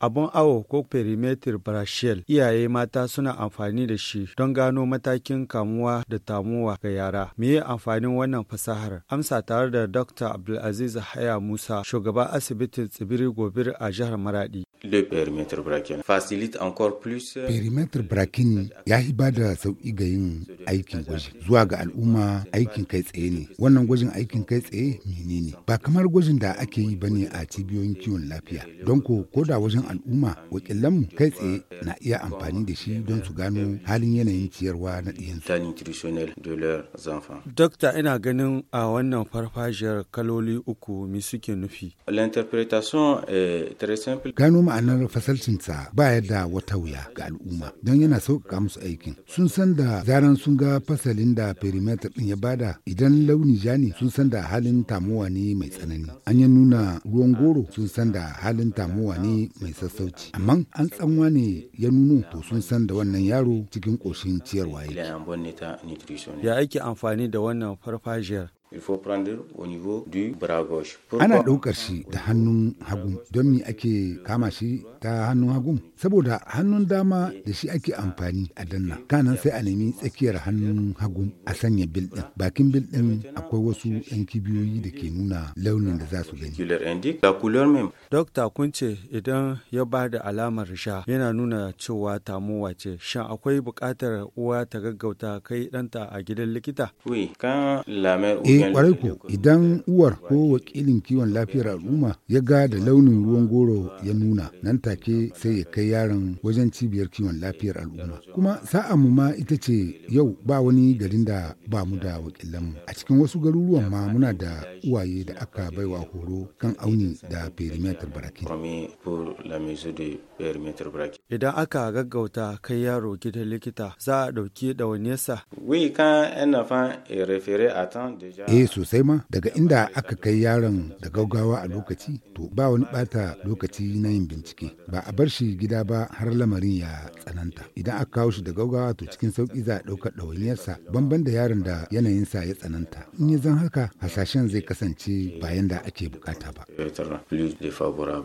Abun awo ko perimeter brachial iyaye mata suna amfani da shi don gano matakin kamuwa da tamuwa ga yara. Me yi amfanin wannan fasahar? Amsa tare da Dr. Abdulaziz Haya Musa, shugaban asibitin tsibiri gobir a jihar Maradi. Le perimeter brachial euh, ya yi ba da sauƙi ga yin aikin gwaji zuwa ga al'umma aikin kai tsaye ne wannan gwajin aikin kai tsaye menene ba kamar gwajin da ake yi bane a cibiyoyin kiwon lafiya don ko ko da wajen al'umma wakilanmu kai tsaye na iya amfani da shi don su gano halin yanayin ciyarwa na ɗiyan Dokta ina ganin a wannan farfajiyar kaloli uku me suke nufi. Gano ma'anar fasalcinsa ba yadda wata wuya ga al'umma don yana sauƙaƙa musu aikin sun san da zaran sun ga fasalin da perimeter ɗin ya bada idan launi ja ne sun san da halin tamuwa ne mai tsanani. An ya nuna ruwan goro sun san da halin tamuwa ne mai sassauci. Amma an tsanwa ne ya nuno to sun san da wannan yaro cikin ƙoshin ciyarwa Ya ake amfani da wannan farfajiyar Ana ɗaukar shi da hannun hagu don me ake kama shi ta hannun hagu? Saboda hannun dama da shi ake amfani a danna. Kanan sai a nemi tsakiyar hannun hagu a sanya bil Bakin bil ɗin akwai wasu 'yan kibiyoyi da ke nuna launin da za su gani. Dokta kun ce idan ya ba da alamar sha yana nuna cewa tamuwa ce. shan akwai bukatar uwa ta gaggauta kai ɗanta a gidan likita? kwarai ku idan uwar ko wakilin kiwon lafiyar al'umma ya ga da launin ruwan goro ya nuna nan take sai ya kai yaron wajen cibiyar kiwon lafiyar al'umma. Kuma sa'a mu ma ita ce yau ba wani garin da ba mu da wakilan mu. A cikin wasu garuruwan ma muna da uwaye da aka baiwa horo kan auni da perimeter baraki. Idan aka gaggauta kai yaro gidan likita za a ɗauki ɗawainiyarsa. Oui, kan un enfant a référé a tan deja. eh sosai ma daga inda aka kai yaron da gaugawa a lokaci to ba wani bata lokaci na yin bincike ba a bar shi gida ba har lamarin ya tsananta idan aka kawo shi da gaugawa to cikin sauki za a ɗaukar ɗawainiyarsa banban da yaron da yanayinsa ya tsananta in ya zan haka hasashen zai kasance bayan da ake bukata ba